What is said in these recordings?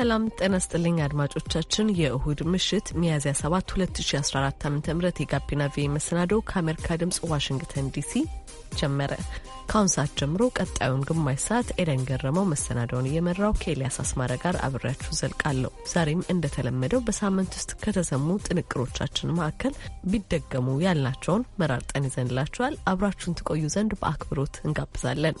ሰላም ጤና አድማጮቻችን፣ የእሁድ ምሽት ሚያዝያ 7 2014 ዓ ም የጋቢና ቪ መሰናዶ ከአሜሪካ ድምፅ ዋሽንግተን ዲሲ ጀመረ። ከአሁን ሰዓት ጀምሮ ቀጣዩን ግማሽ ሰዓት ኤደን ገረመው መሰናዳውን እየመራው ከኤልያስ አስማረ ጋር አብሬያችሁ ዘልቃለሁ። ዛሬም እንደተለመደው በሳምንት ውስጥ ከተሰሙ ጥንቅሮቻችን መካከል ቢደገሙ ያልናቸውን መራርጠን ይዘንላችኋል። አብራችሁን ትቆዩ ዘንድ በአክብሮት እንጋብዛለን።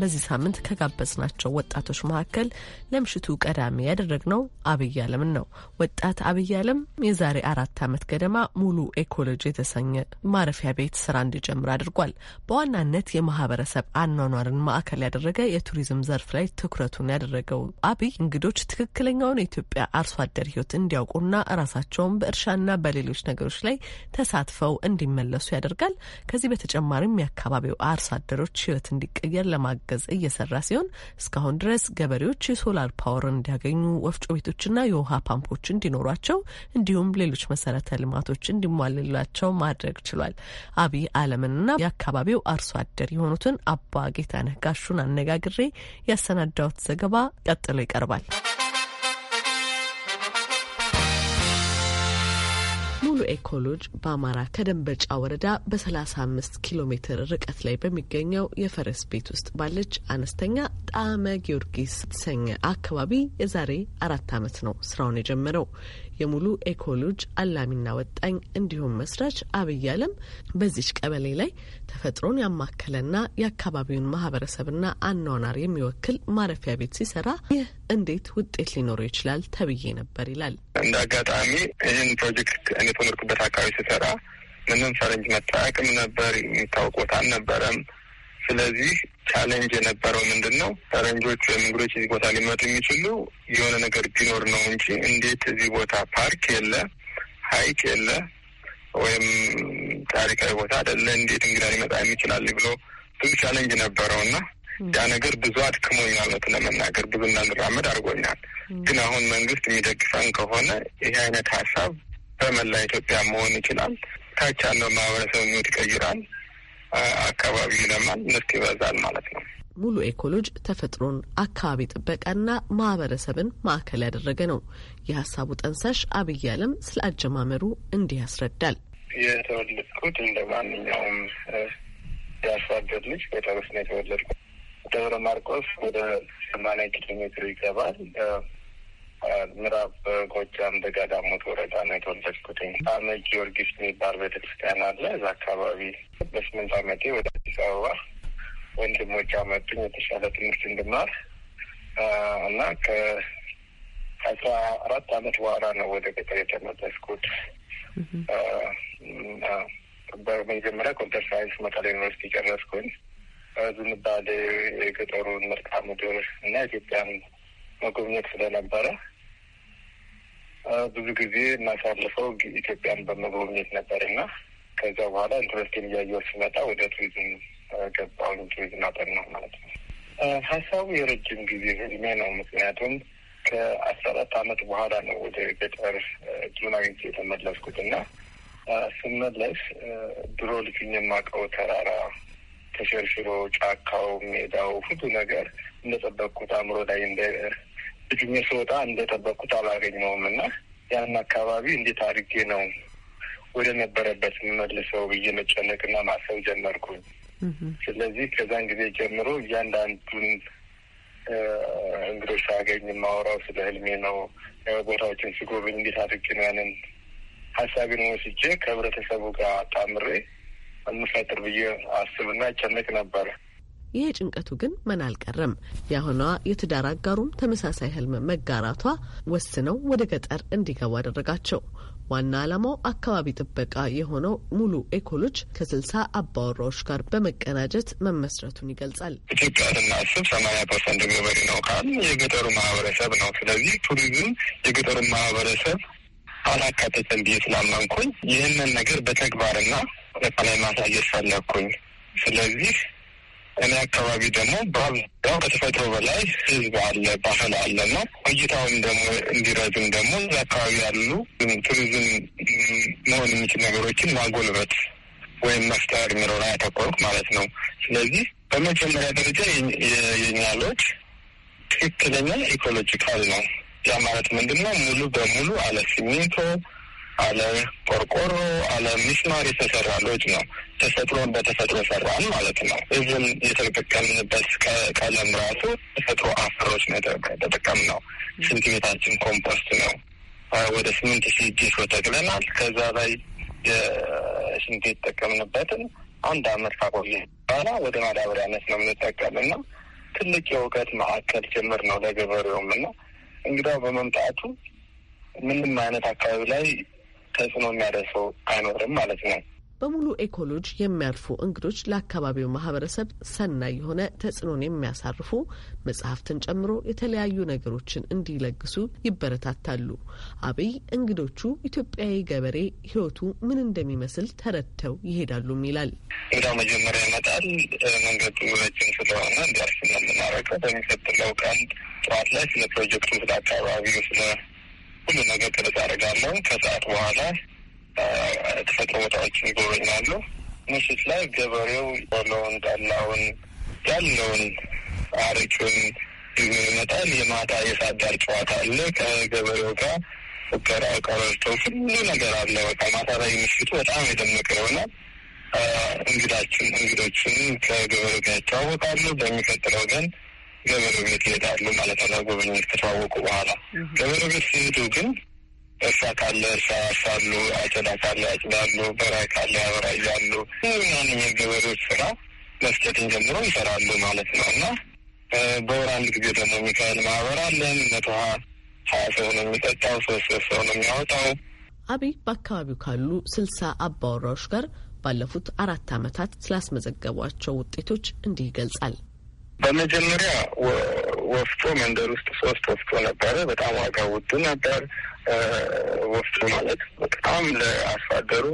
በዚህ ሳምንት ከጋበዝናቸው ወጣቶች መካከል ለምሽቱ ቀዳሚ ያደረግነው አብይ አለምን ነው። ወጣት አብይ አለም የዛሬ አራት ዓመት ገደማ ሙሉ ኤኮሎጂ የተሰኘ ማረፊያ ቤት ስራ እንዲጀምር አድርጓል። በዋናነት የማህበረሰብ አኗኗርን ማዕከል ያደረገ የቱሪዝም ዘርፍ ላይ ትኩረቱን ያደረገው አብይ እንግዶች ትክክለኛውን የኢትዮጵያ አርሶ አደር ህይወት እንዲያውቁና ራሳቸውን በእርሻና በሌሎች ነገሮች ላይ ተሳትፈው እንዲመለሱ ያደርጋል። ከዚህ በተጨማሪም የአካባቢው አርሶ አደሮች ህይወት እንዲቀየር ለማ ለማገዝ እየሰራ ሲሆን እስካሁን ድረስ ገበሬዎች የሶላር ፓወርን እንዲያገኙ፣ ወፍጮ ቤቶችና የውሃ ፓምፖች እንዲኖሯቸው እንዲሁም ሌሎች መሰረተ ልማቶች እንዲሟልላቸው ማድረግ ችሏል። አብይ አለምንና የአካባቢው አርሶ አደር የሆኑትን አባ ጌታነህ ጋሹን አነጋግሬ ያሰናዳሁት ዘገባ ቀጥሎ ይቀርባል። ኤኮሎጅ በአማራ ከደንበጫ ወረዳ በ35 ኪሎ ሜትር ርቀት ላይ በሚገኘው የፈረስ ቤት ውስጥ ባለች አነስተኛ ጣዕመ ጊዮርጊስ የተሰኘ አካባቢ የዛሬ አራት ዓመት ነው ስራውን የጀመረው። የሙሉ ኤኮሎጅ አላሚና ወጣኝ እንዲሁም መስራች አብይ አለም በዚች ቀበሌ ላይ ተፈጥሮን ያማከለና የአካባቢውን ማህበረሰብና አኗኗር የሚወክል ማረፊያ ቤት ሲሰራ ይህ እንዴት ውጤት ሊኖረው ይችላል ተብዬ ነበር ይላል። እንደ አጋጣሚ ይህን ፕሮጀክት እኔ ተመርኩበት አካባቢ ስሰራ ምንም ፈረንጅ መጠቀም ነበር የሚታወቅ ቦታ አልነበረም። ስለዚህ ቻሌንጅ የነበረው ምንድን ነው? ፈረንጆች ወይም እንግዶች እዚህ ቦታ ሊመጡ የሚችሉ የሆነ ነገር ቢኖር ነው እንጂ እንዴት እዚህ ቦታ ፓርክ የለ፣ ሀይቅ የለ፣ ወይም ታሪካዊ ቦታ አይደለ፣ እንዴት እንግዳ ሊመጣ የሚችላል ብሎ ብዙ ቻሌንጅ ነበረው እና ያ ነገር ብዙ አድክሞኛል። እውነት ለመናገር ብዙ እንዳንራመድ አድርጎኛል። ግን አሁን መንግስት የሚደግፈን ከሆነ ይሄ አይነት ሀሳብ በመላ ኢትዮጵያ መሆን ይችላል። ታች ያለው ማህበረሰብ ሚወት ይቀይራል። አካባቢ ይለማል፣ ምርት ይበዛል ማለት ነው። ሙሉ ኤኮሎጅ ተፈጥሮን፣ አካባቢ ጥበቃና ማህበረሰብን ማዕከል ያደረገ ነው። የሀሳቡ ጠንሳሽ አብይ አለም ስለ አጀማመሩ እንዲህ ያስረዳል። የተወለድኩት እንደ ማንኛውም የአርሶ አደር ልጅ በተረስ ነው የተወለድኩት። ደብረ ማርቆስ ወደ ሰማንያ ኪሎ ሜትር ይገባል። ምዕራብ ጎጃም በጋዳሞት ወረዳ ነው የተወለድኩትኝ። አመ ጊዮርጊስ የሚባል ቤተክርስቲያን አለ። እዛ አካባቢ በስምንት አመቴ ወደ አዲስ አበባ ወንድሞች አመጡኝ የተሻለ ትምህርት እንድማር እና ከአስራ አራት አመት በኋላ ነው ወደ ገጠር የተመለስኩት። በመጀመሪያ ኮምፒተር ሳይንስ መቀሌ ዩኒቨርሲቲ ጨረስኩኝ። ዝንባሌ የገጠሩን መልክዓ ምድር እና ኢትዮጵያን መጎብኘት ስለነበረ ብዙ ጊዜ የማሳልፈው ኢትዮጵያን በመጎብኘት ነበር እና ከዚያ በኋላ ኢንትረስቲን እያየሁ ሲመጣ ወደ ቱሪዝም ገባሁኝ። ቱሪዝም አጠር ነው ማለት ነው። ሀሳቡ የረጅም ጊዜ ህልሜ ነው። ምክንያቱም ከአስራ አራት አመት በኋላ ነው ወደ ገጠር እድሉን አግኝቼ የተመለስኩት እና ስመለስ ድሮ ልጅኝ የማውቀው ተራራ ተሸርሽሮ፣ ጫካው፣ ሜዳው ሁሉ ነገር እንደጠበቅኩት አእምሮ ላይ እንደ እድሜ ስወጣ እንደጠበቅኩት አላገኘውም እና ያን አካባቢ እንዴት አድርጌ ነው ወደ ነበረበት የምመልሰው ብዬ መጨነቅና ማሰብ ጀመርኩኝ። ስለዚህ ከዛን ጊዜ ጀምሮ እያንዳንዱን እንግዶች ሳገኝ የማወራው ስለ ህልሜ ነው። ቦታዎችን ስጎብኝ እንዴት አድርጌ ነው ያንን ሀሳቢን ወስጄ ከህብረተሰቡ ጋር አጣምሬ የምፈጥር ብዬ አስብና ይጨነቅ ነበረ። ይሄ ጭንቀቱ ግን ምን አልቀረም። የአሁኗ የትዳር አጋሩም ተመሳሳይ ህልም መጋራቷ ወስነው ወደ ገጠር እንዲገቡ አደረጋቸው። ዋና ዓላማው አካባቢ ጥበቃ የሆነው ሙሉ ኤኮሎጅ ከስልሳ አባወራዎች ጋር በመቀናጀት መመስረቱን ይገልጻል። ኢትዮጵያ ስናስብ ሰማኒያ ፐርሰንት ገበሬ ነው ካል የገጠሩ ማህበረሰብ ነው። ስለዚህ ቱሪዝም የገጠሩ ማህበረሰብ አላካተተን ብዬ ስላመንኩኝ ይህንን ነገር በተግባርና ሁኔታ ማሳየት ፈለግኩኝ። ስለዚህ እኔ አካባቢ ደግሞ በአብዛኛው ከተፈጥሮ በላይ ህዝብ አለ፣ ባህል አለ ነው። ቆይታውን ደግሞ እንዲረዝም ደግሞ እዚ አካባቢ ያሉ ቱሪዝም መሆን የሚችል ነገሮችን ማጎልበት ወይም መፍጠር የሚለው ላይ ያተኮርኩ ማለት ነው። ስለዚህ በመጀመሪያ ደረጃ የኛሎች ትክክለኛ ኢኮሎጂካል ነው። ያ ማለት ምንድን ነው? ሙሉ በሙሉ አለ ሲሚንቶ አለ ቆርቆሮ አለ ሚስማር የተሰራ ሎጅ ነው። ተፈጥሮን በተፈጥሮ ሰራን ማለት ነው። እዝም የተጠቀምንበት ቀለም ራሱ ተፈጥሮ አፈሮች ነው የተጠቀም ነው። ሽንት ኮምፖስት ነው። ወደ ስምንት ሺህ ጂሶ ተክለናል። ከዛ ላይ የስንት የተጠቀምንበትን አንድ አመት ካቆየ በኋላ ወደ ማዳበሪያነት ነው የምንጠቀም የምንጠቀምና ትልቅ የእውቀት ማዕከል ጭምር ነው ለገበሬውም እና እንግዲያው በመምጣቱ ምንም አይነት አካባቢ ላይ ተጽዕኖ የሚያደርሰው አይኖርም ማለት ነው። በሙሉ ኤኮሎጅ የሚያልፉ እንግዶች ለአካባቢው ማህበረሰብ ሰናይ የሆነ ተጽዕኖን የሚያሳርፉ መጽሐፍትን ጨምሮ የተለያዩ ነገሮችን እንዲለግሱ ይበረታታሉ። አብይ እንግዶቹ ኢትዮጵያዊ ገበሬ ሕይወቱ ምን እንደሚመስል ተረድተው ይሄዳሉም ይላል። እንግዳው መጀመሪያ ይመጣል። መንገዱ ረጅም ስለሆነ እንዲያርስ ነው የምናደርገው። በሚቀጥለው ቀን ጠዋት ላይ ስለ ፕሮጀክቱ፣ ስለ አካባቢው፣ ስለ ሁሉ ነገር ጥረት አደርጋለሁ። ከሰዓት በኋላ ተፈጥሮ ቦታዎችን ይጎበኛሉ። ምሽት ላይ ገበሬው ቆሎውን፣ ጠላውን ያለውን አረቂውን ይመጣል። የማታ የሳዳር ዳር ጨዋታ አለ ከገበሬው ጋር ፉከራ፣ ቀረርቶ ሁሉ ነገር አለ። በቃ ማታ ላይ ምሽቱ በጣም የደመቀ ይሆናል። እንግዳችን እንግዶችን ከገበሬው ጋር ይተዋወቃሉ በሚቀጥለው ግን ገበሬ ቤት ይሄዳሉ ማለት ነው። ጎበኞች ከተዋወቁ በኋላ ገበሬ ቤት ሲሄዱ ግን እርሻ ካለ እርሻ ያርሳሉ፣ አጨዳ ካለ ያጭዳሉ፣ በራይ ካለ ያበራያሉ። ማንኛ የገበሬዎች ስራ መስጨትን ጀምሮ ይሰራሉ ማለት ነው እና በወር አንድ ጊዜ ደግሞ ሚካኤል ማህበር አለን መቶ ሀያ ሰው ነው የሚጠጣው፣ ሶስት ሶስት ሰው ነው የሚያወጣው። አብይ በአካባቢው ካሉ ስልሳ አባወራዎች ጋር ባለፉት አራት ዓመታት ስላስመዘገቧቸው ውጤቶች እንዲህ ይገልጻል። በመጀመሪያ ወፍጮ መንደር ውስጥ ሶስት ወፍጮ ነበረ። በጣም ዋጋ ውድ ነበር። ወፍጮ ማለት በጣም ለአርሶ አደሩ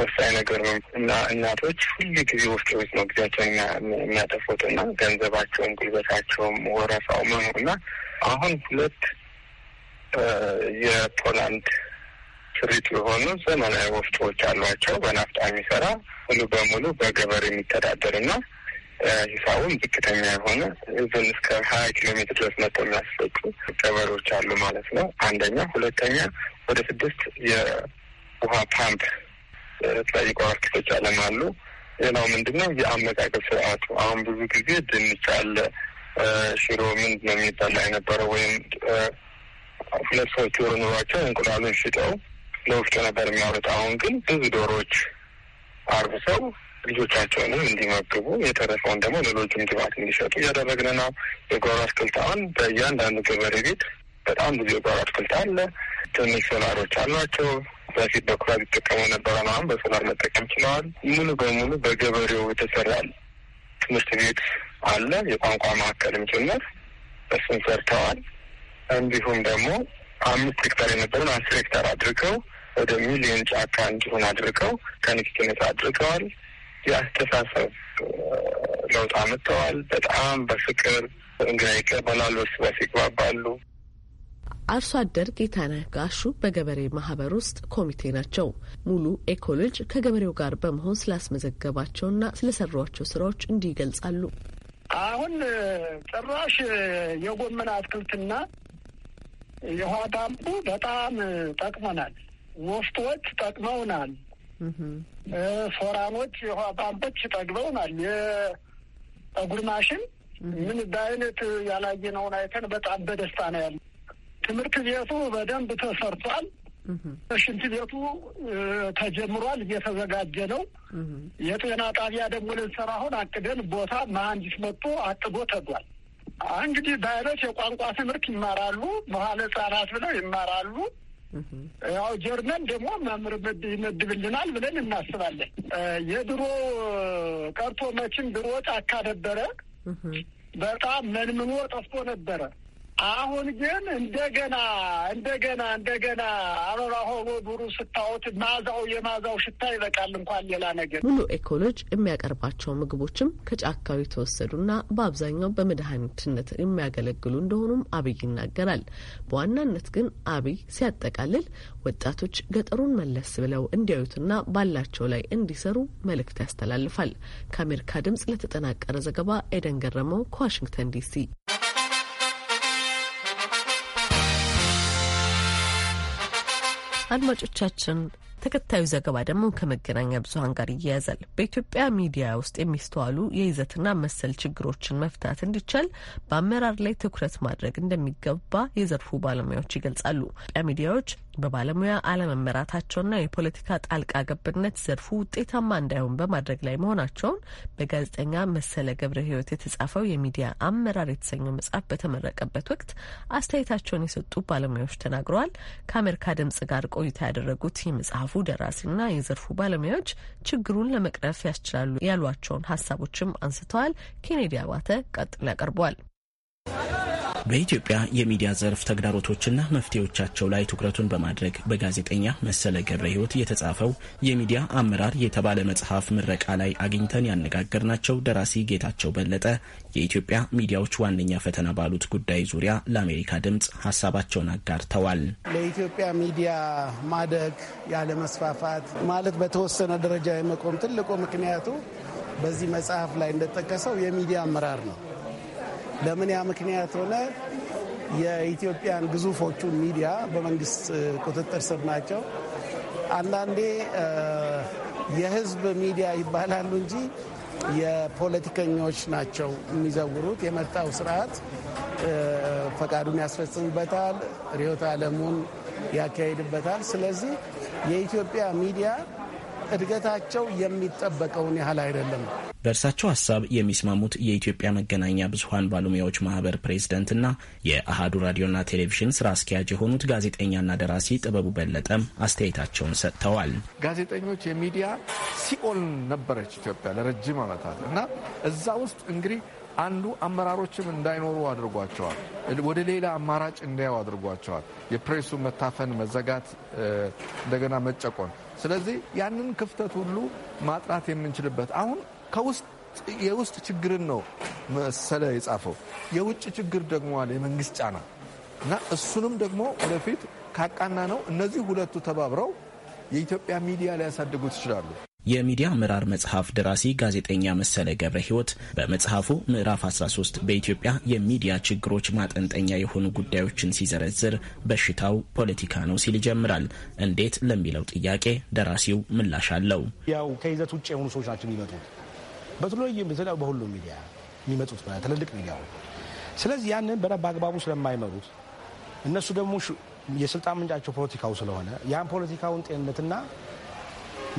ወሳኝ ነገር ነው እና እናቶች ሁሉ ጊዜ ወፍጮ ቤት ነው ጊዜያቸውን የሚያጠፉት እና ገንዘባቸውም፣ ጉልበታቸውም፣ ወረፋው መኑ እና አሁን ሁለት የፖላንድ ስሪት የሆኑ ዘመናዊ ወፍጮዎች አሏቸው። በናፍጣ የሚሰራ ሙሉ በሙሉ በገበር የሚተዳደር እና ሂሳቡም ዝቅተኛ የሆነ እዝን እስከ ሀያ ኪሎ ሜትር ድረስ መጥተው የሚያስሰጡ ገበሬዎች አሉ ማለት ነው። አንደኛ፣ ሁለተኛ ወደ ስድስት የውሃ ፓምፕ ጠይቆ አርክቶች አለም አሉ። ሌላው ምንድን ነው የአመጋገብ ስርዓቱ አሁን ብዙ ጊዜ ድንች አለ ሽሮ ምንድን ነው የሚባል የነበረው ወይም ሁለት ሰዎች ዶሮ ኑሯቸው እንቁላሉን ሽጠው ለወፍጮ ነበር የሚያወሩት። አሁን ግን ብዙ ዶሮዎች አርብሰው ልጆቻቸውንም እንዲመግቡ የተረፈውን ደግሞ ሌሎችም ግባት እንዲሸጡ እያደረግን ነው። የጓሮ አትክልት አሁን በእያንዳንዱ ገበሬ ቤት በጣም ብዙ የጓሮ አትክልት አለ። ትንሽ ሶላሮች አሏቸው። በፊት በኩራዝ ይጠቀሙ ነበረ ነው። አሁን በሶላር መጠቀም ችለዋል። ሙሉ በሙሉ በገበሬው የተሰራ ትምህርት ቤት አለ፣ የቋንቋ ማዕከልም ጭምር እሱን ሰርተዋል። እንዲሁም ደግሞ አምስት ሄክታር የነበረውን አስር ሄክታር አድርገው ወደ ሚሊዮን ጫካ እንዲሆን አድርገው ከንክኪ አድርገዋል። የአስተሳሰብ ለውጥ አምጥተዋል። በጣም በፍቅር እንግዳ ይቀበላሉ፣ እርስ በርስ ይግባባሉ። አርሶ አደር ጌታነህ ጋሹ በገበሬ ማህበር ውስጥ ኮሚቴ ናቸው። ሙሉ ኤኮሎጅ ከገበሬው ጋር በመሆን ስላስመዘገባቸውና ስለሰሯቸው ስራዎች እንዲህ ይገልጻሉ። አሁን ጭራሽ የጎመን አትክልትና የውሃ ዳምቡ በጣም ጠቅመናል። ወፍቶች ጠቅመውናል። ፎራኖች የውሃ ፓምፖች ጠግበውናል። የጠጉር ማሽን ምን በአይነት ያላየነውን አይተን በጣም በደስታ ነው ያለ። ትምህርት ቤቱ በደንብ ተሰርቷል። ሽንት ቤቱ ተጀምሯል፣ እየተዘጋጀ ነው። የጤና ጣቢያ ደግሞ ልንሰራ አሁን አቅደን ቦታ መሀንዲስ መጥቶ አጥቦ ተጓል። እንግዲህ በአይነት የቋንቋ ትምህርት ይማራሉ፣ መዋዕለ ሕጻናት ብለው ይማራሉ። ያው ጀርመን ደግሞ መምህር ይመድብልናል ብለን እናስባለን። የድሮ ቀርቶ መችን ድሮ ጫካ ነበረ፣ በጣም መንምኖ ጠፍቶ ነበረ። አሁን ግን እንደገና እንደገና እንደገና አበባ ሆኖ ዱሩ ስታወት ማዛው የማዛው ሽታ ይበቃል። እንኳን ሌላ ነገር ሙሉ ኤኮሎጅ የሚያቀርባቸው ምግቦችም ከጫካው የተወሰዱና በአብዛኛው በመድኃኒትነት የሚያገለግሉ እንደሆኑም አብይ ይናገራል። በዋናነት ግን አብይ ሲያጠቃልል ወጣቶች ገጠሩን መለስ ብለው እንዲያዩትና ባላቸው ላይ እንዲሰሩ መልእክት ያስተላልፋል። ከአሜሪካ ድምጽ ለተጠናቀረ ዘገባ ኤደን ገረመው ከዋሽንግተን ዲሲ አድማጮቻችን ተከታዩ ዘገባ ደግሞ ከመገናኛ ብዙኃን ጋር ይያያዛል። በኢትዮጵያ ሚዲያ ውስጥ የሚስተዋሉ የይዘትና መሰል ችግሮችን መፍታት እንዲቻል በአመራር ላይ ትኩረት ማድረግ እንደሚገባ የዘርፉ ባለሙያዎች ይገልጻሉ። ሚዲያዎች በባለሙያ አለመመራታቸውና የፖለቲካ ጣልቃ ገብነት ዘርፉ ውጤታማ እንዳይሆን በማድረግ ላይ መሆናቸውን በጋዜጠኛ መሰለ ገብረ ህይወት የተጻፈው የሚዲያ አመራር የተሰኘው መጽሐፍ በተመረቀበት ወቅት አስተያየታቸውን የሰጡ ባለሙያዎች ተናግረዋል። ከአሜሪካ ድምጽ ጋር ቆይታ ያደረጉት የመጽሐፉ ደራሲና የዘርፉ ባለሙያዎች ችግሩን ለመቅረፍ ያስችላሉ ያሏቸውን ሀሳቦችም አንስተዋል። ኬኔዲ አባተ ቀጥሎ ያቀርበዋል። በኢትዮጵያ የሚዲያ ዘርፍ ተግዳሮቶችና መፍትሄዎቻቸው ላይ ትኩረቱን በማድረግ በጋዜጠኛ መሰለ ገብረ ሕይወት የተጻፈው የሚዲያ አመራር የተባለ መጽሐፍ ምረቃ ላይ አግኝተን ያነጋገርናቸው ደራሲ ጌታቸው በለጠ የኢትዮጵያ ሚዲያዎች ዋነኛ ፈተና ባሉት ጉዳይ ዙሪያ ለአሜሪካ ድምፅ ሀሳባቸውን አጋርተዋል። ለኢትዮጵያ ሚዲያ ማደግ ያለመስፋፋት ማለት በተወሰነ ደረጃ የመቆም ትልቁ ምክንያቱ በዚህ መጽሐፍ ላይ እንደጠቀሰው የሚዲያ አመራር ነው። ለምን ያ ምክንያት ሆነ? የኢትዮጵያን ግዙፎቹን ሚዲያ በመንግስት ቁጥጥር ስር ናቸው። አንዳንዴ የህዝብ ሚዲያ ይባላሉ እንጂ የፖለቲከኞች ናቸው የሚዘውሩት። የመጣው ስርዓት ፈቃዱን ያስፈጽምበታል፣ ርዕዮተ ዓለሙን ያካሄድበታል። ስለዚህ የኢትዮጵያ ሚዲያ እድገታቸው የሚጠበቀውን ያህል አይደለም። በእርሳቸው ሀሳብ የሚስማሙት የኢትዮጵያ መገናኛ ብዙኃን ባለሙያዎች ማህበር ፕሬዝደንትና የአሃዱ ራዲዮና ቴሌቪዥን ስራ አስኪያጅ የሆኑት ጋዜጠኛና ደራሲ ጥበቡ በለጠም አስተያየታቸውን ሰጥተዋል። ጋዜጠኞች የሚዲያ ሲኦል ነበረች ኢትዮጵያ ለረጅም ዓመታት እና እዛ ውስጥ እንግዲህ አንዱ አመራሮችም እንዳይኖሩ አድርጓቸዋል። ወደ ሌላ አማራጭ እንዳያው አድርጓቸዋል። የፕሬሱ መታፈን፣ መዘጋት፣ እንደገና መጨቆን። ስለዚህ ያንን ክፍተት ሁሉ ማጥራት የምንችልበት አሁን ከውስጥ የውስጥ ችግርን ነው መሰለ የጻፈው። የውጭ ችግር ደግሞ አለ የመንግስት ጫና እና እሱንም ደግሞ ወደፊት ካቃና ነው እነዚህ ሁለቱ ተባብረው የኢትዮጵያ ሚዲያ ሊያሳድጉት ይችላሉ። የሚዲያ ምራር መጽሐፍ ደራሲ ጋዜጠኛ መሰለ ገብረ ህይወት በመጽሐፉ ምዕራፍ 13 በኢትዮጵያ የሚዲያ ችግሮች ማጠንጠኛ የሆኑ ጉዳዮችን ሲዘረዝር በሽታው ፖለቲካ ነው ሲል ይጀምራል። እንዴት ለሚለው ጥያቄ ደራሲው ምላሽ አለው። ያው ከይዘት ውጭ የሆኑ ሰዎች ናቸው የሚመጡት፣ በተለይም በሁሉም ሚዲያ የሚመጡት ትልልቅ ሚዲያ። ስለዚህ ያንን አግባቡ ስለማይመሩት እነሱ ደግሞ የስልጣን ምንጫቸው ፖለቲካው ስለሆነ ያን ፖለቲካውን ጤንነትና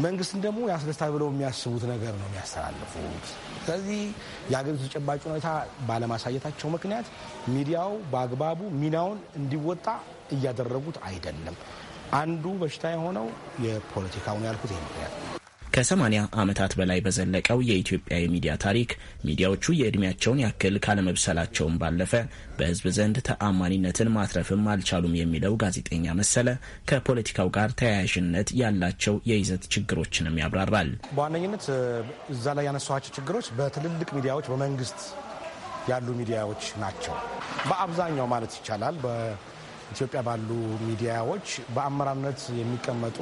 መንግስትን ደግሞ ያስደስታል ብለው የሚያስቡት ነገር ነው የሚያስተላልፉት። ስለዚህ የሀገሪቱ ተጨባጭ ሁኔታ ባለማሳየታቸው ምክንያት ሚዲያው በአግባቡ ሚናውን እንዲወጣ እያደረጉት አይደለም። አንዱ በሽታ የሆነው የፖለቲካውን ያልኩት ይህ ምክንያት ነው። ከ80 ዓመታት በላይ በዘለቀው የኢትዮጵያ የሚዲያ ታሪክ ሚዲያዎቹ የዕድሜያቸውን ያክል ካለመብሰላቸውን ባለፈ በሕዝብ ዘንድ ተአማኒነትን ማትረፍም አልቻሉም የሚለው ጋዜጠኛ መሰለ ከፖለቲካው ጋር ተያያዥነት ያላቸው የይዘት ችግሮችንም ያብራራል። በዋነኝነት እዛ ላይ ያነሷቸው ችግሮች በትልልቅ ሚዲያዎች፣ በመንግስት ያሉ ሚዲያዎች ናቸው። በአብዛኛው ማለት ይቻላል ኢትዮጵያ ባሉ ሚዲያዎች በአመራርነት የሚቀመጡ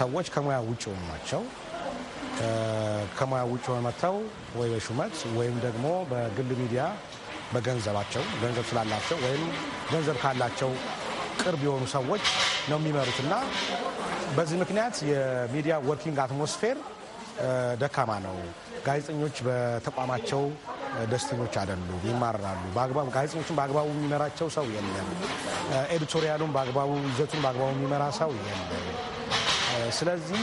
ሰዎች ከሙያ ውጭ የሆኑ ናቸው። ከሙያ ውጭ ሆነው መጥተው ወይ በሹመት ወይም ደግሞ በግል ሚዲያ በገንዘባቸው ገንዘብ ስላላቸው ወይም ገንዘብ ካላቸው ቅርብ የሆኑ ሰዎች ነው የሚመሩት እና በዚህ ምክንያት የሚዲያ ወርኪንግ አትሞስፌር ደካማ ነው። ጋዜጠኞች በተቋማቸው ደስተኞች አይደሉም፣ ይማራሉ። በአግባቡ ጋዜጦችን በአግባቡ የሚመራቸው ሰው የለም። ኤዲቶሪያሉን በአግባቡ ይዘቱን በአግባቡ የሚመራ ሰው የለም። ስለዚህ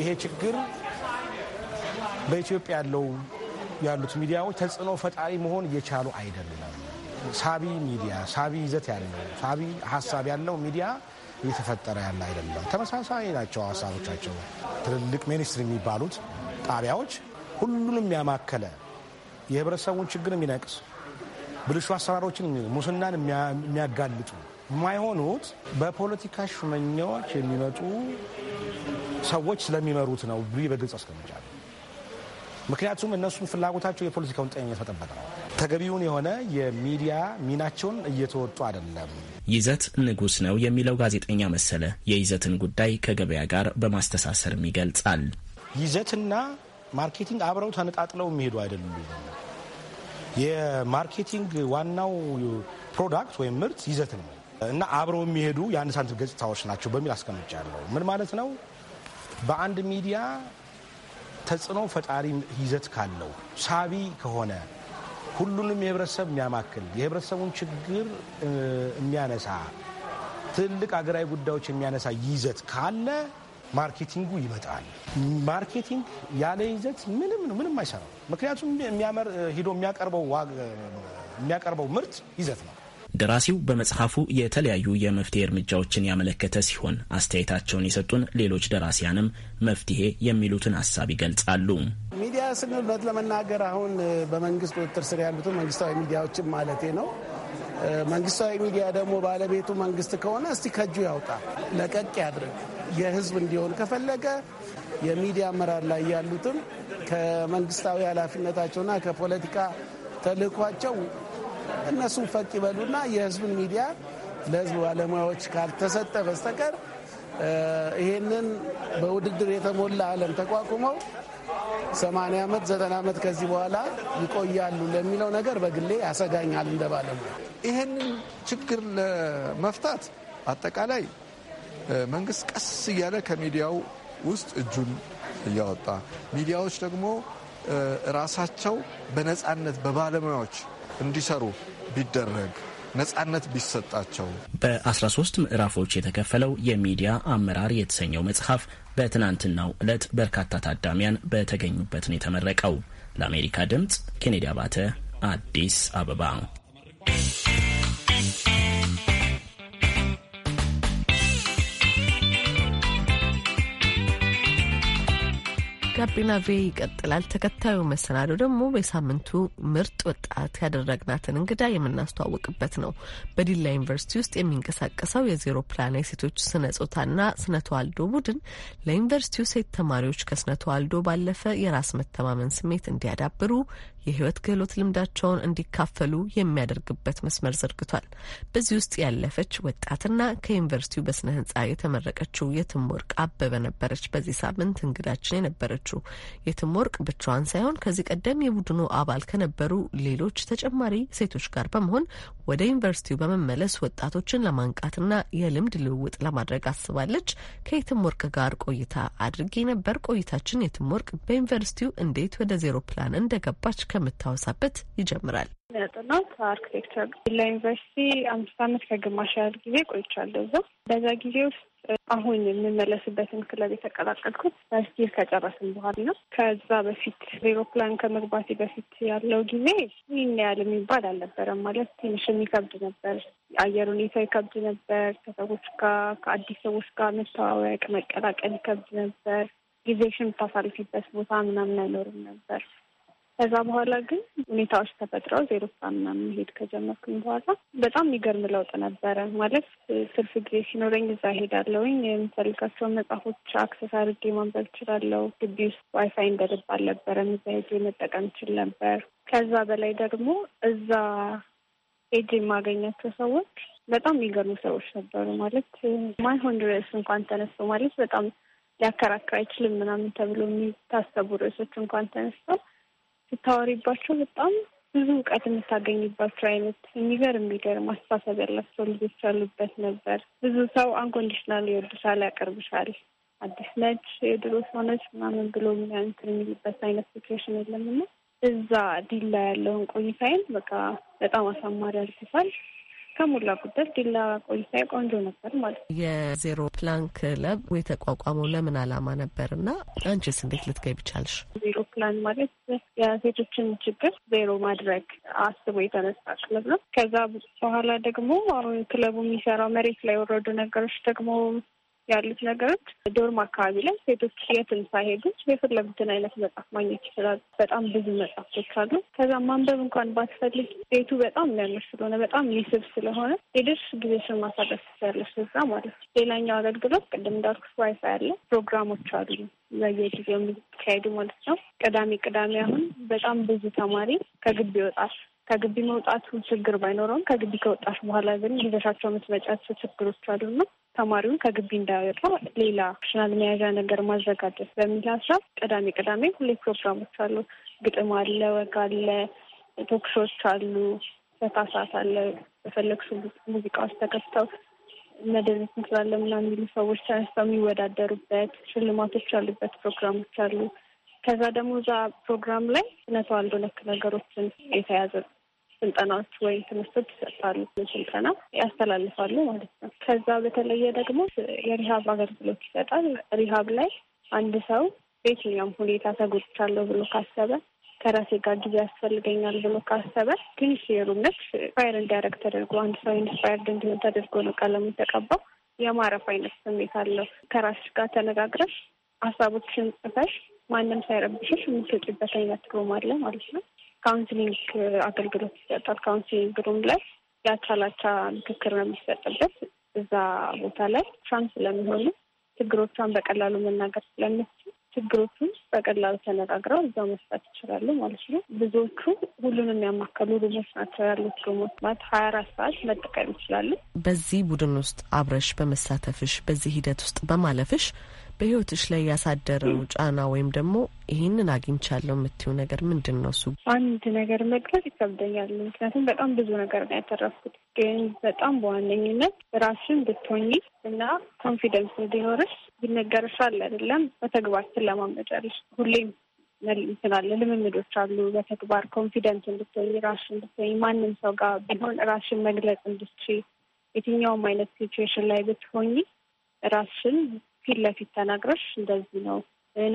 ይሄ ችግር በኢትዮጵያ ያለው ያሉት ሚዲያዎች ተጽዕኖ ፈጣሪ መሆን እየቻሉ አይደለም። ሳቢ ሚዲያ፣ ሳቢ ይዘት ያለው ሳቢ ሀሳብ ያለው ሚዲያ እየተፈጠረ ያለ አይደለም። ተመሳሳይ ናቸው ሀሳቦቻቸው። ትልልቅ ሚኒስትር የሚባሉት ጣቢያዎች ሁሉንም ያማከለ የህብረተሰቡን ችግር የሚነቅስ ብልሹ አሰራሮችን፣ ሙስናን የሚያጋልጡ የማይሆኑት በፖለቲካ ሹመኛዎች የሚመጡ ሰዎች ስለሚመሩት ነው ብ በግልጽ አስቀምጫለሁ። ምክንያቱም እነሱን ፍላጎታቸው የፖለቲካውን ጤንነት መጠበቅ ነው። ተገቢውን የሆነ የሚዲያ ሚናቸውን እየተወጡ አይደለም። ይዘት ንጉስ ነው የሚለው ጋዜጠኛ መሰለ የይዘትን ጉዳይ ከገበያ ጋር በማስተሳሰርም ይገልጻል። ይዘትና ማርኬቲንግ አብረው ተነጣጥለው የሚሄዱ አይደሉም። የማርኬቲንግ ዋናው ፕሮዳክት ወይም ምርት ይዘት ነው እና አብረው የሚሄዱ የአንድ ሳንቲም ገጽታዎች ናቸው በሚል አስቀምጫለሁ። ምን ማለት ነው? በአንድ ሚዲያ ተጽዕኖ ፈጣሪ ይዘት ካለው ሳቢ ከሆነ ሁሉንም የህብረተሰብ የሚያማክል የህብረተሰቡን ችግር የሚያነሳ ትልቅ አገራዊ ጉዳዮች የሚያነሳ ይዘት ካለ ማርኬቲንጉ ይመጣል። ማርኬቲንግ ያለ ይዘት ምንም ነው፣ ምንም አይሰራው። ምክንያቱም ሂዶ የሚያቀርበው ምርት ይዘት ነው። ደራሲው በመጽሐፉ የተለያዩ የመፍትሄ እርምጃዎችን ያመለከተ ሲሆን አስተያየታቸውን የሰጡን ሌሎች ደራሲያንም መፍትሄ የሚሉትን ሀሳብ ይገልጻሉ። ሚዲያ ስንበት ለመናገር አሁን በመንግስት ቁጥጥር ስር ያሉትን መንግስታዊ ሚዲያዎችን ማለቴ ነው። መንግስታዊ ሚዲያ ደግሞ ባለቤቱ መንግስት ከሆነ እስቲ ከእጁ ያውጣ፣ ለቀቅ ያድርግ የህዝብ እንዲሆን ከፈለገ የሚዲያ አመራር ላይ ያሉትም ከመንግስታዊ ኃላፊነታቸውና ከፖለቲካ ተልእኳቸው እነሱም ፈቅ ይበሉና የህዝብን ሚዲያ ለህዝብ ባለሙያዎች ካልተሰጠ በስተቀር ይሄንን በውድድር የተሞላ ዓለም ተቋቁመው 80 ዓመት 90 ዓመት ከዚህ በኋላ ይቆያሉ ለሚለው ነገር በግሌ ያሰጋኛል። እንደ ባለሙያ ይህንን ችግር ለመፍታት አጠቃላይ መንግስት ቀስ እያለ ከሚዲያው ውስጥ እጁን እያወጣ ሚዲያዎች ደግሞ ራሳቸው በነፃነት በባለሙያዎች እንዲሰሩ ቢደረግ ነጻነት ቢሰጣቸው። በ13 ምዕራፎች የተከፈለው የሚዲያ አመራር የተሰኘው መጽሐፍ በትናንትናው ዕለት በርካታ ታዳሚያን በተገኙበት ነው የተመረቀው። ለአሜሪካ ድምፅ ኬኔዲ አባተ አዲስ አበባ። ጋቢና ቬ ይቀጥላል። ተከታዩ መሰናዶ ደግሞ በሳምንቱ ምርጥ ወጣት ያደረግናትን እንግዳ የምናስተዋወቅበት ነው። በዲላ ዩኒቨርሲቲ ውስጥ የሚንቀሳቀሰው የዜሮ ፕላና የሴቶች ስነ ጾታና ስነ ተዋልዶ ቡድን ለዩኒቨርሲቲው ሴት ተማሪዎች ከስነ ተዋልዶ ባለፈ የራስ መተማመን ስሜት እንዲያዳብሩ የህይወት ክህሎት ልምዳቸውን እንዲካፈሉ የሚያደርግበት መስመር ዘርግቷል። በዚህ ውስጥ ያለፈች ወጣትና ከዩኒቨርሲቲው በስነ ህንጻ የተመረቀችው የትም ወርቅ አበበ ነበረች። በዚህ ሳምንት እንግዳችን የነበረችው የትም ወርቅ ብቻዋን ሳይሆን ከዚህ ቀደም የቡድኑ አባል ከነበሩ ሌሎች ተጨማሪ ሴቶች ጋር በመሆን ወደ ዩኒቨርሲቲው በመመለስ ወጣቶችን ለማንቃትና የልምድ ልውውጥ ለማድረግ አስባለች። ከየትም ወርቅ ጋር ቆይታ አድርጌ ነበር። ቆይታችን የትም ወርቅ በዩኒቨርሲቲው እንዴት ወደ ዜሮ ፕላን እንደገባች ከምታወሳበት ይጀምራል። ያጠናት አርክቴክቸር ለዩኒቨርሲቲ አምስት አመት ከግማሽ ያህል ጊዜ ቆይቻለሁ። እዛ በዛ ጊዜ ውስጥ አሁን የምመለስበትን ክለብ የተቀላቀልኩት ላስጊር ከጨረስን በኋላ ነው። ከዛ በፊት ኤሮፕላን ከመግባቴ በፊት ያለው ጊዜ ይህን ያህል የሚባል አልነበረም። ማለት ትንሽ የሚከብድ ነበር። አየር ሁኔታ ይከብድ ነበር። ከሰዎች ጋር ከአዲስ ሰዎች ጋር መተዋወቅ፣ መቀላቀል ይከብድ ነበር። ጊዜሽን የምታሳልፊበት ቦታ ምናምን አይኖርም ነበር። ከዛ በኋላ ግን ሁኔታዎች ተፈጥረው ዜሮ ምናምን መሄድ ከጀመርኩኝ በኋላ በጣም የሚገርም ለውጥ ነበረ። ማለት ትርፍ ጊዜ ሲኖረኝ እዛ ሄዳለውኝ የምፈልጋቸውን መጽሐፎች አክሰስ አድርጌ ማንበብ እችላለሁ። ግቢ ውስጥ ዋይፋይ እንደልብ አልነበረም። እዛ ሄጄ መጠቀም እችል ነበር። ከዛ በላይ ደግሞ እዛ ሄጄ የማገኛቸው ሰዎች በጣም የሚገርሙ ሰዎች ነበሩ። ማለት ማይሆን ርዕስ እንኳን ተነስተው ማለት በጣም ሊያከራክር አይችልም ምናምን ተብሎ የሚታሰቡ ርዕሶች እንኳን ተነስተው ስታወሪባቸው በጣም ብዙ እውቀት የምታገኝባቸው አይነት የሚገርም የሚገርም አስተሳሰብ ያላቸው ልጆች ያሉበት ነበር። ብዙ ሰው አንኮንዲሽናል ይወድሻል፣ ያቀርብሻል፣ አዲስ ነች፣ የድሮ ሰው ነች ምናምን ብሎ እንትን የሚልበት አይነት ሲትዌሽን የለምና እዛ ዲላ ያለውን ቆይታዬን በቃ በጣም አሳማሪ አድርጎታል። ከሞላ ጎደል ዲላ ቆይታ ቆንጆ ነበር ማለት ነው። የዜሮ ፕላን ክለብ የተቋቋመው ለምን አላማ ነበር እና አንቺስ እንዴት ልትገቢ ቻልሽ? ዜሮ ፕላን ማለት የሴቶችን ችግር ዜሮ ማድረግ አስቦ የተነሳ ክለብ ነው። ከዛ በኋላ ደግሞ አሁን ክለቡ የሚሰራው መሬት ላይ የወረዱ ነገሮች ደግሞ ያሉት ነገሮች ዶርም አካባቢ ላይ ሴቶች የትም ሳይሄዱ የፈለጉትን አይነት መጽሐፍ ማግኘት ይችላሉ። በጣም ብዙ መጽሐፍቶች አሉ። ከዛ ማንበብ እንኳን ባትፈልግ ቤቱ በጣም የሚያምር ስለሆነ በጣም የሚስብ ስለሆነ የደርስ ጊዜሽን ማሳለፍ ትችላለሽ እዛ ማለት ነው። ሌላኛው አገልግሎት ቅድም እንዳልኩሽ ዋይፋ ያለ ፕሮግራሞች አሉ በየጊዜው የሚካሄዱ ማለት ነው። ቅዳሜ ቅዳሜ አሁን በጣም ብዙ ተማሪ ከግቢ ይወጣል። ከግቢ መውጣቱ ችግር ባይኖረውም ከግቢ ከወጣሽ በኋላ ግን ይዘሻቸው የምትመጫቸው ችግሮች አሉና ተማሪውን ከግቢ እንዳይወጣ ሌላ ሽናል መያዣ ነገር ማዘጋጀት በሚል ሀሳብ ቅዳሜ ቅዳሜ ሁሌ ፕሮግራሞች አሉ። ግጥም አለ፣ ወግ አለ፣ ቶክሾዎች አሉ፣ በታሳት አለ። በፈለግሱ ሙዚቃዎች ተከፍተው መደረስ እንችላለን ምናምን የሚሉ ሰዎች ተነስተው የሚወዳደሩበት ሽልማቶች ያሉበት ፕሮግራሞች አሉ። ከዛ ደግሞ እዛ ፕሮግራም ላይ ስነ ተዋልዶ ነክ ነገሮችን የተያዘ ስልጠናዎች ወይም ትምህርቶች ይሰጣሉ፣ ስልጠና ያስተላልፋሉ ማለት ነው። ከዛ በተለየ ደግሞ የሪሀብ አገልግሎት ይሰጣል። ሪሃብ ላይ አንድ ሰው በየትኛውም ሁኔታ ተጎድቻለሁ ብሎ ካሰበ ከራሴ ጋር ጊዜ ያስፈልገኛል ብሎ ካሰበ ትንሽ የሩነት ኢንስፓየር እንዲያደርግ ተደርጎ አንድ ሰው ኢንስፓየርድ እንዲሆን ተደርጎ ነው ቀለሙ የተቀባው። የማረፍ አይነት ስሜት አለው። ከራስሽ ጋር ተነጋግረሽ ሀሳቦችን ጽፈሽ ማንም ሳይረብሽሽ የምትወጪበት አይነት ሮም አለ ማለት ነው። ካውንስሊንግ አገልግሎት ይሰጣል። ካውንስሊንግ ሩም ላይ የአቻ ለአቻ ምክክር ነው የሚሰጥበት። እዛ ቦታ ላይ ሻን ስለሚሆኑ ችግሮቿን በቀላሉ መናገር ስለሚችል ችግሮቹን በቀላሉ ተነጋግረው እዛው መስጣት ይችላሉ ማለት ነው። ብዙዎቹ ሁሉንም ያማከሉ ሩሞች ናቸው ያሉት። ሩሞች ማለት ሀያ አራት ሰዓት መጠቀም ይችላሉ። በዚህ ቡድን ውስጥ አብረሽ በመሳተፍሽ በዚህ ሂደት ውስጥ በማለፍሽ በህይወትሽ ላይ ያሳደረው ጫና ወይም ደግሞ ይህንን አግኝቻለሁ የምትይው ነገር ምንድን ነው? እሱ አንድ ነገር መግለጽ ይከብደኛል። ምክንያቱም በጣም ብዙ ነገር ነው ያተረፍኩት። ግን በጣም በዋነኝነት ራስሽን ብትሆኚ እና ኮንፊደንስ እንዲኖርሽ ይነገርሻል አይደለም፣ በተግባር ትለማመጫለሽ ሁሌም እንትናለ ልምምዶች አሉ። በተግባር ኮንፊደንስ እንድትሆኝ ራስሽ እንድትሆኝ ማንም ሰው ጋር ቢሆን ራስሽን መግለጽ እንድትችይ የትኛውም አይነት ሲትዌሽን ላይ ብትሆኝ ራስሽን ፊት ለፊት ተናግረሽ እንደዚህ ነው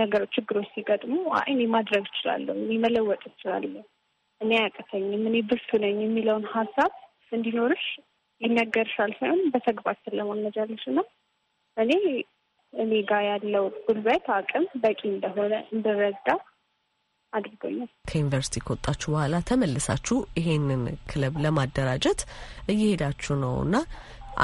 ነገር ችግሮች ሲገጥሙ እኔ ማድረግ እችላለሁ፣ እኔ መለወጥ እችላለሁ፣ እኔ አያቅተኝም፣ እኔ ብርቱ ነኝ የሚለውን ሀሳብ እንዲኖርሽ ይነገርሻል ሳይሆን በተግባር ስለማመጃለሽ እና እኔ እኔ ጋር ያለው ጉልበት አቅም በቂ እንደሆነ እንድረዳ አድርጎኛል። ከዩኒቨርሲቲ ከወጣችሁ በኋላ ተመልሳችሁ ይሄንን ክለብ ለማደራጀት እየሄዳችሁ ነው እና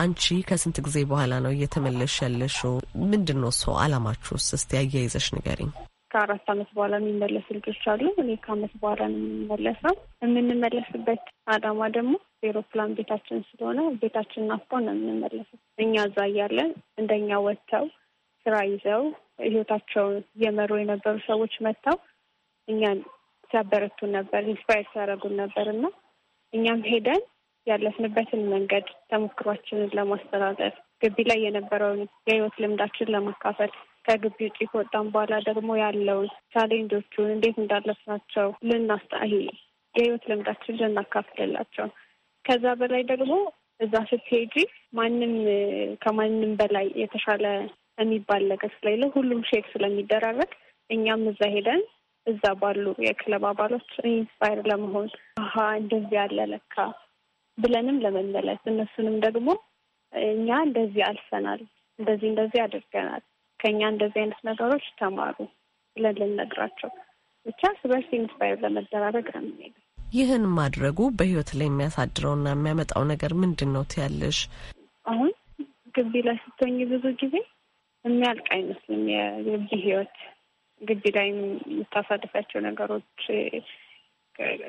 አንቺ ከስንት ጊዜ በኋላ ነው እየተመለሽ ያለሽው? ምንድን ነው ሰው አላማችሁስ? እስቲ አያይዘሽ ንገሪኝ። ከአራት አመት በኋላ የሚመለሱ ልጆች አሉ። እኔ ከአመት በኋላ ነው የምንመለሰው። የምንመለስበት አላማ ደግሞ ኤሮፕላን ቤታችን ስለሆነ ቤታችንን አፍቆ ነው የምንመለሰው። እኛ እዛ እያለን እንደኛ ወጥተው ስራ ይዘው ህይወታቸውን እየመሩ የነበሩ ሰዎች መጥተው እኛን ሲያበረቱን ነበር፣ ኢንስፓየር ሲያደርጉን ነበር እና እኛም ሄደን ያለፍንበትን መንገድ ተሞክሯችንን ለማስተላለፍ ግቢ ላይ የነበረውን የህይወት ልምዳችን ለማካፈል ከግቢ ውጭ ከወጣን በኋላ ደግሞ ያለውን ቻሌንጆቹን እንዴት እንዳለፍናቸው ልናስጣሂ የህይወት ልምዳችን ልናካፍልላቸው ከዛ በላይ ደግሞ እዛ ስትሄጂ ማንም ከማንም በላይ የተሻለ የሚባል ነገር ስለሌለ ሁሉም ሼክ ስለሚደራረግ እኛም እዛ ሄደን እዛ ባሉ የክለብ አባሎች ኢንስፓየር ለመሆን አሀ እንደዚህ ያለ ለካ ብለንም ለመመለስ እነሱንም ደግሞ እኛ እንደዚህ አልፈናል፣ እንደዚህ እንደዚህ አድርገናል፣ ከእኛ እንደዚህ አይነት ነገሮች ተማሩ ብለን ልንነግራቸው ብቻ እርስ በርስ ኢንስፓየር ለመደራረግ ነው የምንሄደው። ይህን ማድረጉ በህይወት ላይ የሚያሳድረውና የሚያመጣው ነገር ምንድን ነው ትያለሽ? አሁን ግቢ ላይ ስትሆኝ ብዙ ጊዜ የሚያልቅ አይመስልም የግቢ ህይወት ግቢ ላይ የምታሳልፋቸው ነገሮች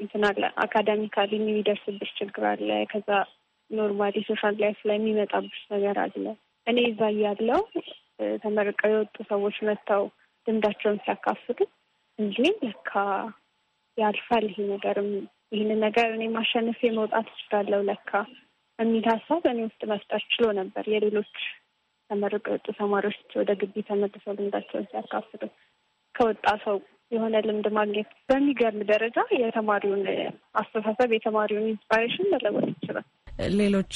እንትና አለ አካዳሚካሊ የሚደርስብሽ ችግር አለ። ከዛ ኖርማሊ ሶሻል ላይፍ ላይ የሚመጣብሽ ነገር አለ። እኔ እዛ እያለሁ ተመርቀው የወጡ ሰዎች መጥተው ልምዳቸውን ሲያካፍሉ እንዲህ ለካ ያልፋል ይሄ ነገርም ይህን ነገር እኔ ማሸንፌ መውጣት እችላለሁ ለካ የሚል ሀሳብ እኔ ውስጥ መፍጠር ችሎ ነበር። የሌሎች ተመርቀው የወጡ ተማሪዎች ወደ ግቢ ተመልሰው ልምዳቸውን ሲያካፍሉ ከወጣ ሰው የሆነ ልምድ ማግኘት በሚገርም ደረጃ የተማሪውን አስተሳሰብ የተማሪውን ኢንስፓሬሽን መለወጥ ይችላል። ሌሎች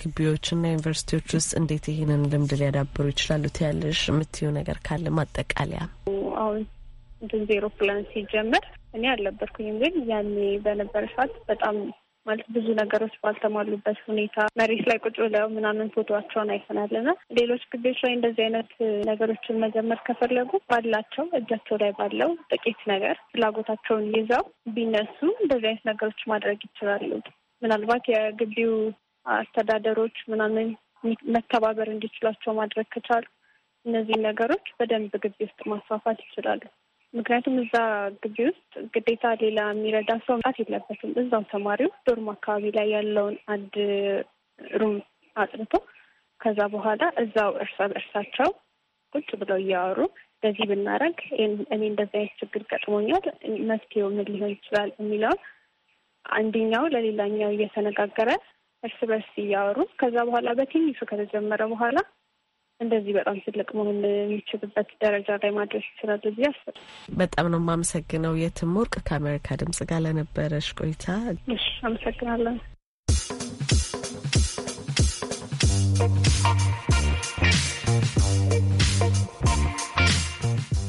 ግቢዎች እና ዩኒቨርሲቲዎች ውስጥ እንዴት ይህንን ልምድ ሊያዳብሩ ይችላሉ ትያለሽ? የምትዩ ነገር ካለ ማጠቃለያ። አሁን እንትን ዜሮ ፕላን ሲጀመር እኔ አልነበርኩኝም፣ ግን ያኔ በነበረ ሰዓት በጣም ማለት ብዙ ነገሮች ባልተሟሉበት ሁኔታ መሬት ላይ ቁጭ ብለው ምናምን ፎቶዋቸውን አይፈናልና ሌሎች ግቢዎች ላይ እንደዚህ አይነት ነገሮችን መጀመር ከፈለጉ ባላቸው እጃቸው ላይ ባለው ጥቂት ነገር ፍላጎታቸውን ይዘው ቢነሱ እንደዚህ አይነት ነገሮች ማድረግ ይችላሉ። ምናልባት የግቢው አስተዳደሮች ምናምን መተባበር እንዲችሏቸው ማድረግ ከቻሉ እነዚህ ነገሮች በደንብ ግቢ ውስጥ ማስፋፋት ይችላሉ። ምክንያቱም እዛ ግቢ ውስጥ ግዴታ ሌላ የሚረዳ ሰው መምጣት የለበትም። እዛው ተማሪው ዶርም አካባቢ ላይ ያለውን አንድ ሩም አጥርቶ ከዛ በኋላ እዛው እርስ በእርሳቸው ቁጭ ብለው እያወሩ በዚህ ብናረግ እኔ እንደዚህ አይነት ችግር ገጥሞኛል፣ መፍትሄው ምን ሊሆን ይችላል የሚለውን አንደኛው ለሌላኛው እየተነጋገረ እርስ በርስ እያወሩ ከዛ በኋላ በትንሹ ከተጀመረ በኋላ እንደዚህ በጣም ትልቅ መሆን የሚችልበት ደረጃ ላይ ማድረስ ይችላሉ ብዬ አስብ። በጣም ነው የማመሰግነው የትም ወርቅ ከአሜሪካ ድምጽ ጋር ለነበረሽ ቆይታ አመሰግናለን።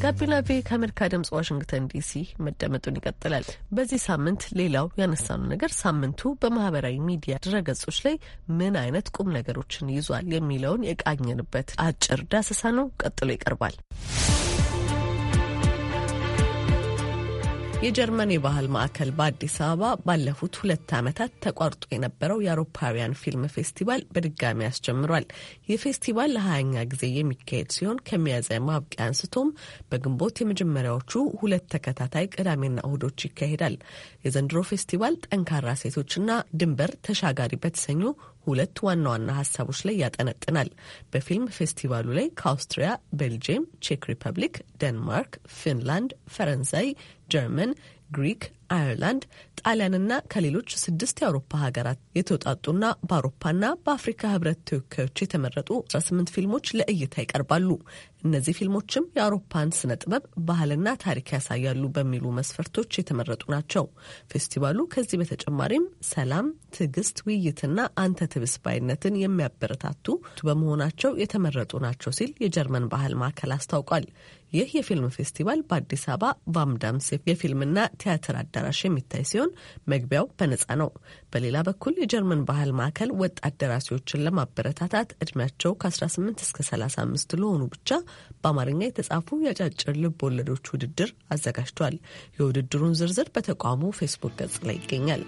ጋቢና ቬ ከአሜሪካ ድምጽ ዋሽንግተን ዲሲ መደመጡን ይቀጥላል። በዚህ ሳምንት ሌላው ያነሳነው ነገር ሳምንቱ በማህበራዊ ሚዲያ ድረገጾች ላይ ምን አይነት ቁም ነገሮችን ይዟል የሚለውን የቃኘንበት አጭር ዳሰሳ ነው። ቀጥሎ ይቀርባል። የጀርመን የባህል ማዕከል በአዲስ አበባ ባለፉት ሁለት ዓመታት ተቋርጦ የነበረው የአውሮፓውያን ፊልም ፌስቲቫል በድጋሚ አስጀምሯል። ይህ ፌስቲቫል ለሀያኛ ጊዜ የሚካሄድ ሲሆን ከሚያዝያ ማብቂያ አንስቶም በግንቦት የመጀመሪያዎቹ ሁለት ተከታታይ ቅዳሜና እሁዶች ይካሄዳል። የዘንድሮ ፌስቲቫል ጠንካራ ሴቶችና ድንበር ተሻጋሪ በተሰኙ ሁለት ዋና ዋና ሀሳቦች ላይ ያጠነጥናል። በፊልም ፌስቲቫሉ ላይ ከአውስትሪያ፣ ቤልጅየም፣ ቼክ ሪፐብሊክ፣ ደንማርክ፣ ፊንላንድ፣ ፈረንሳይ ጀርመን፣ ግሪክ፣ አየርላንድ፣ ጣሊያንና ከሌሎች ስድስት የአውሮፓ ሀገራት የተውጣጡና በአውሮፓና በአፍሪካ ህብረት ተወካዮች የተመረጡ 18 ፊልሞች ለእይታ ይቀርባሉ። እነዚህ ፊልሞችም የአውሮፓን ስነ ጥበብ ባህልና ታሪክ ያሳያሉ በሚሉ መስፈርቶች የተመረጡ ናቸው። ፌስቲቫሉ ከዚህ በተጨማሪም ሰላም፣ ትዕግስት፣ ውይይትና አንተ ትብስባይነትን የሚያበረታቱ በመሆናቸው የተመረጡ ናቸው ሲል የጀርመን ባህል ማዕከል አስታውቋል። ይህ የፊልም ፌስቲቫል በአዲስ አበባ ቫምዳምስ የፊልምና ቲያትር አዳራ አዳራሽ የሚታይ ሲሆን መግቢያው በነጻ ነው። በሌላ በኩል የጀርመን ባህል ማዕከል ወጣት ደራሲዎችን ለማበረታታት እድሜያቸው ከ18 እስከ 35 ለሆኑ ብቻ በአማርኛ የተጻፉ የአጫጭር ልብ ወለዶች ውድድር አዘጋጅቷል። የውድድሩን ዝርዝር በተቋሙ ፌስቡክ ገጽ ላይ ይገኛል።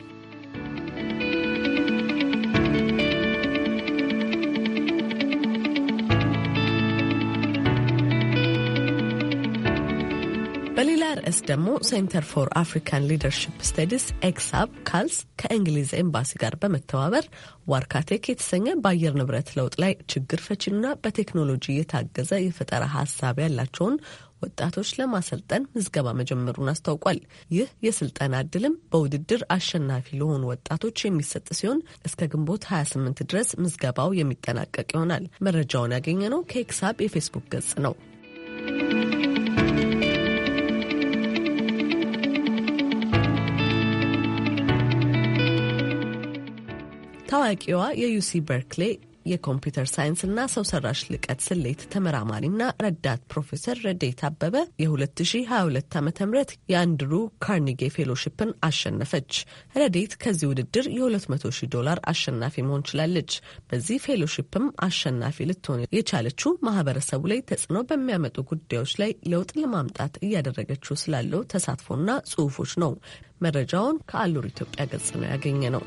ርዕስ ደግሞ ሴንተር ፎር አፍሪካን ሊደርሽፕ ስተዲስ ኤክሳብ ካልስ ከእንግሊዝ ኤምባሲ ጋር በመተባበር ዋርካቴክ የተሰኘ በአየር ንብረት ለውጥ ላይ ችግር ፈቺና በቴክኖሎጂ የታገዘ የፈጠራ ሀሳብ ያላቸውን ወጣቶች ለማሰልጠን ምዝገባ መጀመሩን አስታውቋል። ይህ የስልጠና እድልም በውድድር አሸናፊ ለሆኑ ወጣቶች የሚሰጥ ሲሆን እስከ ግንቦት 28 ድረስ ምዝገባው የሚጠናቀቅ ይሆናል። መረጃውን ያገኘ ነው ከኤክሳብ የፌስቡክ ገጽ ነው። ታዋቂዋ የዩሲ በርክሌ የኮምፒውተር ሳይንስና ሰው ሰራሽ ልቀት ስሌት ተመራማሪና ረዳት ፕሮፌሰር ረዴት አበበ የ2022 ዓ ም የአንድሩ ካርኒጌ ፌሎሽፕን አሸነፈች። ረዴት ከዚህ ውድድር የ 2000 ዶላር አሸናፊ መሆን ችላለች። በዚህ ፌሎሽፕም አሸናፊ ልትሆን የቻለችው ማህበረሰቡ ላይ ተጽዕኖ በሚያመጡ ጉዳዮች ላይ ለውጥ ለማምጣት እያደረገችው ስላለው ተሳትፎና ጽሁፎች ነው። መረጃውን ከአሉር ኢትዮጵያ ገጽ ነው ያገኘ ነው።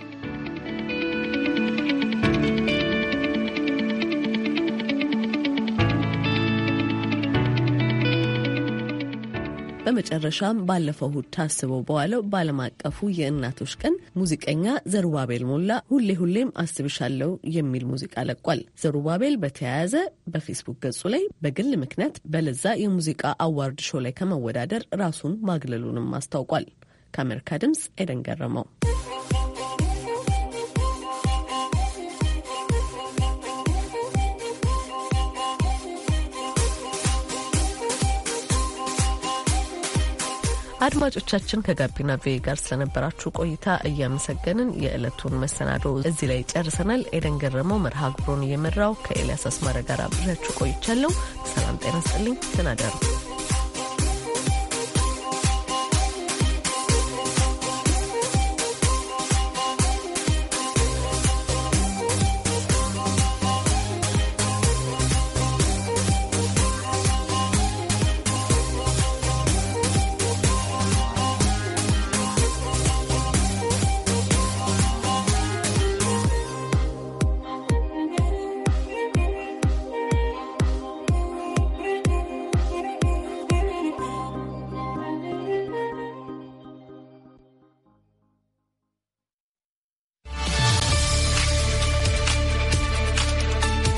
በመጨረሻም ባለፈው እሁድ ታስበው በዋለው በዓለም አቀፉ የእናቶች ቀን ሙዚቀኛ ዘሩባቤል ሞላ ሁሌ ሁሌም አስብሻለሁ የሚል ሙዚቃ ለቋል። ዘሩባቤል በተያያዘ በፌስቡክ ገጹ ላይ በግል ምክንያት በለዛ የሙዚቃ አዋርድ ሾ ላይ ከመወዳደር ራሱን ማግለሉንም አስታውቋል። ከአሜሪካ ድምፅ ኤደን ገረመው አድማጮቻችን ከጋቢና ቬ ጋር ስለነበራችሁ ቆይታ እያመሰገንን የዕለቱን መሰናዶ እዚህ ላይ ጨርሰናል። ኤደን ገረመው መርሃ ግብሮን እየመራው ከኤልያስ አስማረ ጋር አብሬያችሁ ቆይቻለሁ። ሰላም ጤና ስጥልኝ።